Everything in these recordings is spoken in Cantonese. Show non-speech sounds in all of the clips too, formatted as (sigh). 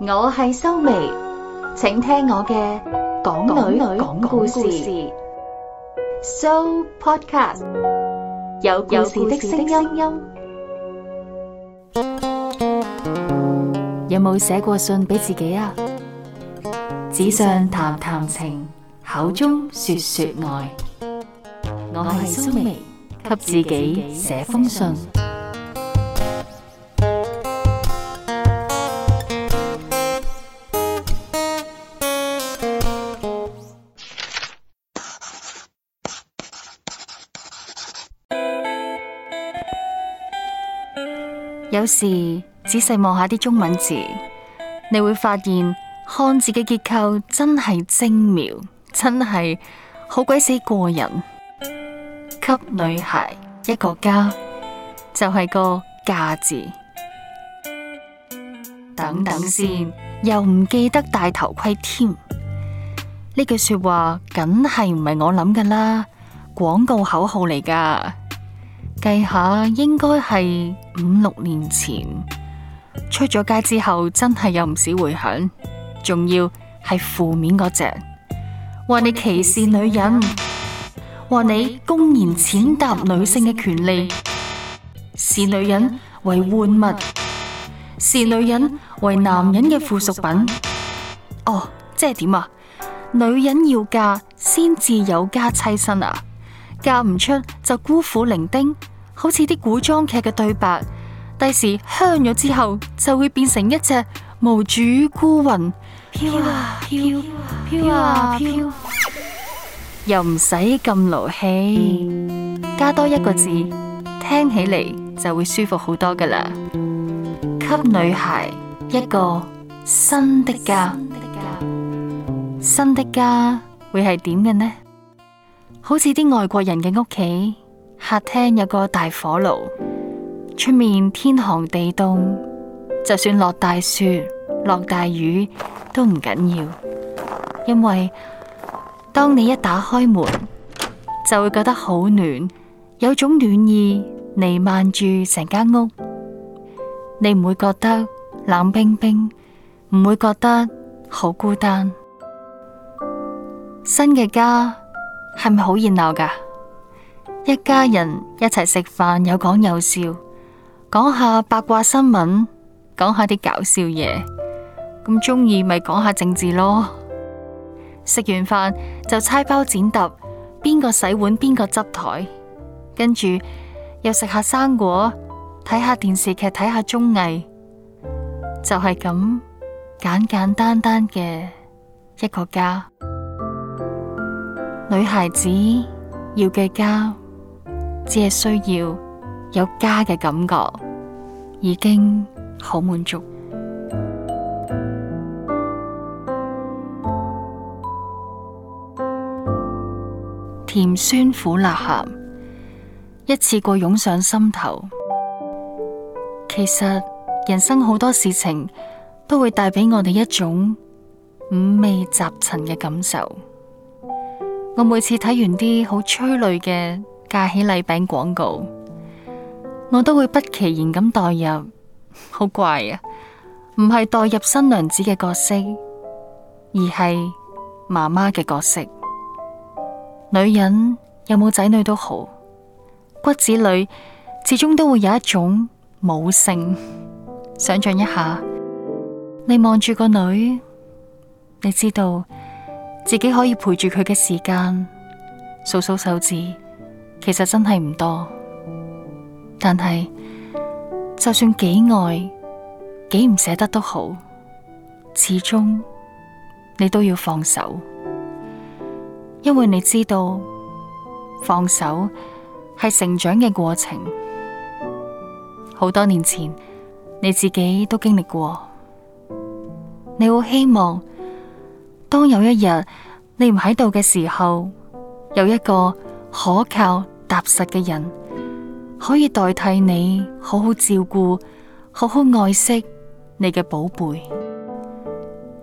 我係蘇眉，請聽我嘅講女女講故事。蘇 Podcast 有故事的聲音。有冇寫過信俾自己啊？紙上談談情，口中說說愛。我係蘇眉，給自己寫封信。有時仔細望下啲中文字，你會發現漢字嘅結構真係精妙，真係好鬼死過人。給女孩一個家，就係個家字。等等先，又唔記得戴頭盔添。呢句說話梗係唔係我諗嘅啦，廣告口號嚟噶。計下應該係五六年前出咗街之後，真係有唔少回響，仲要係負面嗰隻，話你歧視女人，話你公然踐踏女性嘅權利，視女人為玩物，視女人為男人嘅附屬品。哦，即係點啊？女人要嫁先至有家妻身啊，嫁唔出就孤苦伶仃。好似啲古裝劇嘅對白，第時香咗之後就會變成一隻無主孤魂，飄啊飄，飄啊飄，又唔使咁勞氣，加多一個字，聽起嚟，就會舒服好多噶啦。給女孩一個新的家，新的家會係點嘅呢？好似啲外國人嘅屋企。客廳有個大火爐，出面天寒地凍，就算落大雪、落大雨都唔緊要，因為當你一打開門，就會覺得好暖，有種暖意彌漫住成間屋，你唔會覺得冷冰冰，唔會覺得好孤單。新嘅家係咪好熱鬧噶？一家人一齊食飯，有講有笑，講下八卦新聞，講下啲搞笑嘢，咁中意咪講下政治咯。食完飯就猜包剪揼，邊個洗碗邊個執台，跟住又食下生果，睇下電視劇，睇下綜藝，就係咁簡簡單單嘅一個家。女孩子要嘅家。只係需要有家嘅感覺，已經好滿足。甜酸苦辣鹹，一次過湧上心頭。其實人生好多事情，都會帶俾我哋一種五味雜陳嘅感受。我每次睇完啲好催淚嘅。架起禮餅廣告，我都會不其然咁代入，好怪啊！唔係代入新娘子嘅角色，而係媽媽嘅角色。女人有冇仔女都好，骨子裏始終都會有一種母性。 (laughs) 想象一下，你望住個女，你知道自己可以陪住佢嘅時間，數數手指。其實真係唔多，但係就算幾愛幾唔捨得都好，始終你都要放手，因為你知道放手係成長嘅過程。好多年前你自己都經歷過，你會希望當有一日你唔喺度嘅時候，有一個可靠。踏實嘅人可以代替你好好照顧、好好愛惜你嘅寶貝。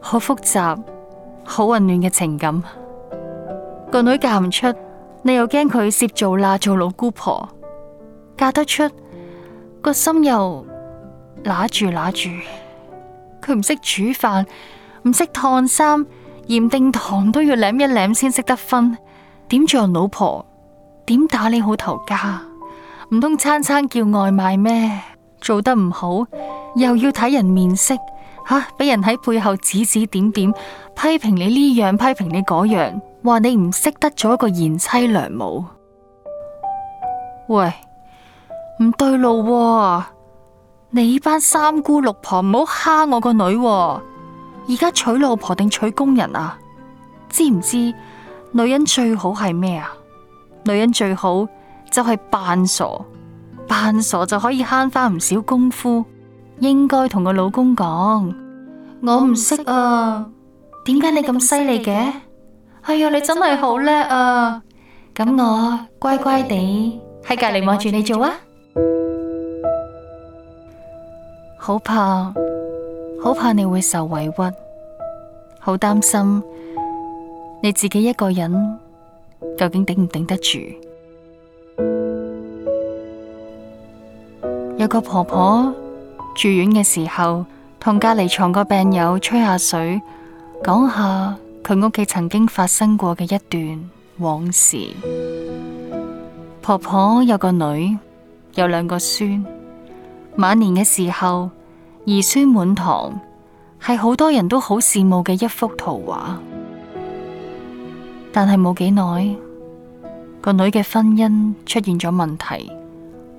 好複雜，好混亂嘅情感，個女嫁唔出，你又驚佢蝕做啦做老姑婆，嫁得出，個心又揦住揦住。佢唔識煮飯，唔識燙衫，鹽定糖都要舐一舐先識得分，點做老婆？點打理好頭家？唔通餐餐叫外賣咩？做得唔好又要睇人面色，吓，啊，俾人喺背後指指點點，批評你呢樣，批評你嗰樣，話你唔識得做一個賢妻良母。喂，唔對路，啊，你班三姑六婆唔好蝦我個女，啊。而家娶老婆定娶工人啊？知唔知女人最好係咩啊？女人最好就係扮傻，扮傻就可以慳翻唔少功夫。應該同個老公講，我唔識啊。點解你咁犀利嘅？哎呀，你真係好叻啊！咁我乖乖地喺隔籬望住你做啊。好怕，好怕你會受委屈，好擔心你自己一個人。究竟頂唔頂得住？有個婆婆住院嘅時候，同隔籬床個病友吹下水，講下佢屋企曾經發生過嘅一段往事。婆婆有個女，有兩個孫，晚年嘅時候，兒孫滿堂，係好多人都好羨慕嘅一幅圖畫。但係冇幾耐，個女嘅婚姻出現咗問題，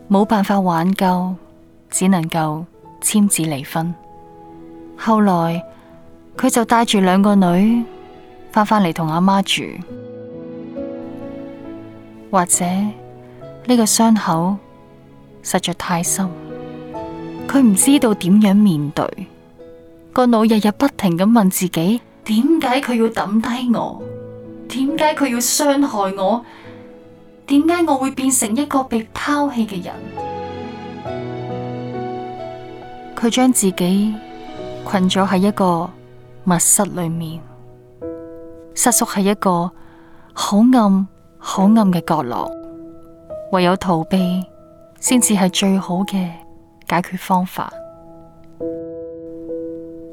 冇辦法挽救，只能夠簽字離婚。後來佢就帶住兩個女翻返嚟同阿媽住，或者呢個傷口實在太深，佢唔知道點樣面對，個腦日日不停咁問自己：點解佢要抌低我？點解佢要傷害我？點解我會變成一個被拋棄嘅人？佢將自己困咗喺一個密室裏面，瑟縮喺一個好暗、好暗嘅角落，唯有逃避先至係最好嘅解決方法。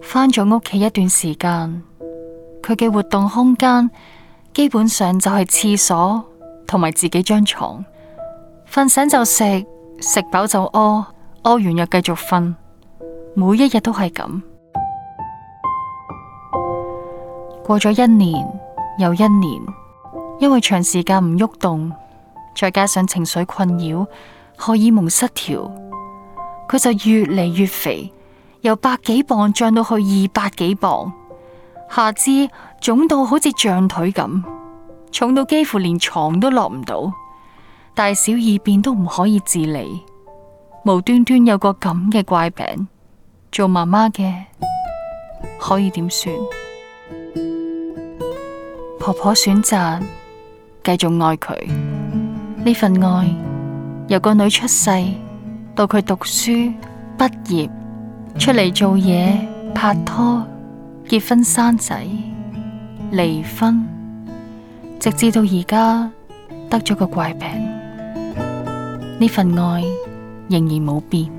翻咗屋企一段時間，佢嘅活動空間，基本上就係廁所同埋自己張床，瞓醒就食，食飽就屙，屙完又繼續瞓，每一日都係咁。過咗一年又一年，因為長時間唔喐動，再加上情緒困擾、荷爾蒙失調，佢就越嚟越肥，由百幾磅漲到去二百幾磅。下肢腫到好似象腿咁，重到幾乎連床都落唔到，大小二便都唔可以自理，無端端有個咁嘅怪病，做媽媽嘅可以點算？婆婆選擇繼續愛佢，呢 (music) 份愛由個女出世到佢讀書、畢業、出嚟做嘢、拍拖。結婚生仔、離婚，直至到而家得咗個怪病，呢份愛仍然冇變，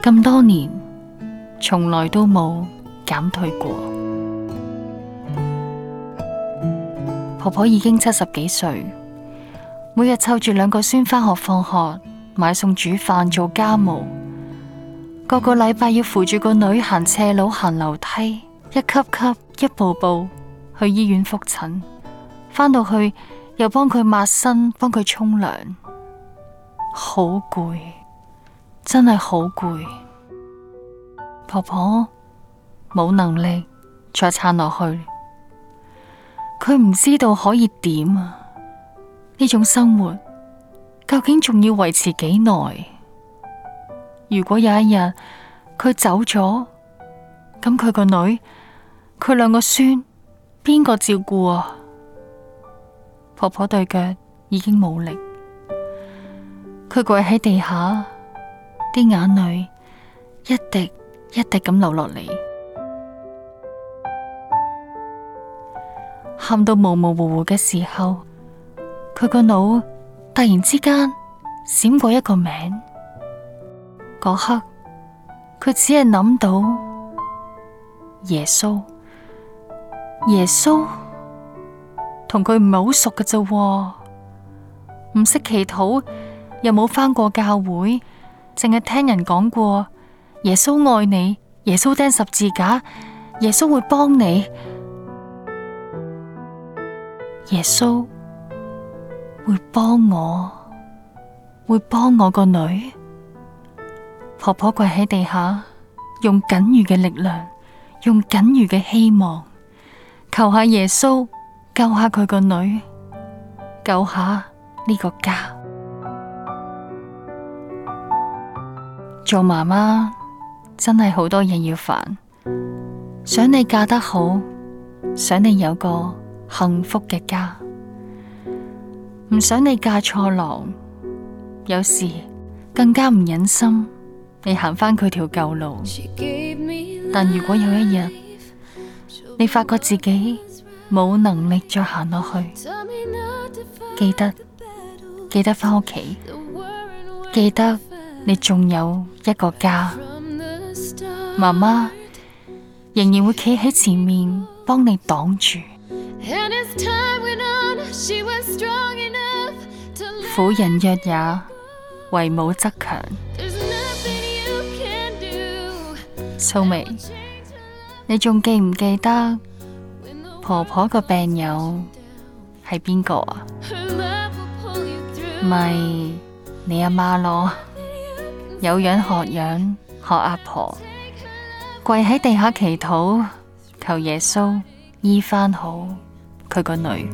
咁多年從來都冇減退過。婆婆已經七十幾歲，每日湊住兩個孫返學、放學、買餸、煮飯、做家務。個個禮拜要扶住個女行斜路、行樓梯，一級級、一步步去醫院複診，返到去又幫佢抹身、幫佢沖涼，好攰，真係好攰。婆婆冇能力再撐落去，佢唔知道可以點啊！呢種生活究竟仲要維持幾耐？如果有一日佢走咗，咁佢個女、佢兩個孫邊個照顧啊？婆婆對腳已經冇力，佢跪喺地下，啲眼淚一滴一滴咁流落嚟，喊到模模糊糊嘅時候，佢個腦突然之間閃過一個名。嗰刻，佢只係諗到耶穌，耶穌同佢唔係好熟嘅啫，唔、哦、唔識祈禱，又冇翻過教會，淨係聽人講過耶穌愛你，耶穌釘十字架，耶穌會幫你，耶穌會幫我，會幫我個女。婆婆跪喺地下，用僅餘嘅力量，用僅餘嘅希望，求下耶穌救下佢個女，救下呢個家。做媽媽，真係好多嘢要煩，想你嫁得好，想你有個幸福嘅家，唔想你嫁錯郎，有時更加唔忍心。你行翻佢條舊路，但如果有一日你發覺自己冇能力再行落去，記得，記得翻屋企，記得你仲有一個家，媽媽仍然會企喺前面幫你擋住。婦人弱也，為母則強。蘇眉，你仲記唔記得婆婆個病友係邊個啊？咪你阿媽咯，and say，有樣學樣學阿婆，跪喺地下祈禱求耶穌醫翻好佢個女。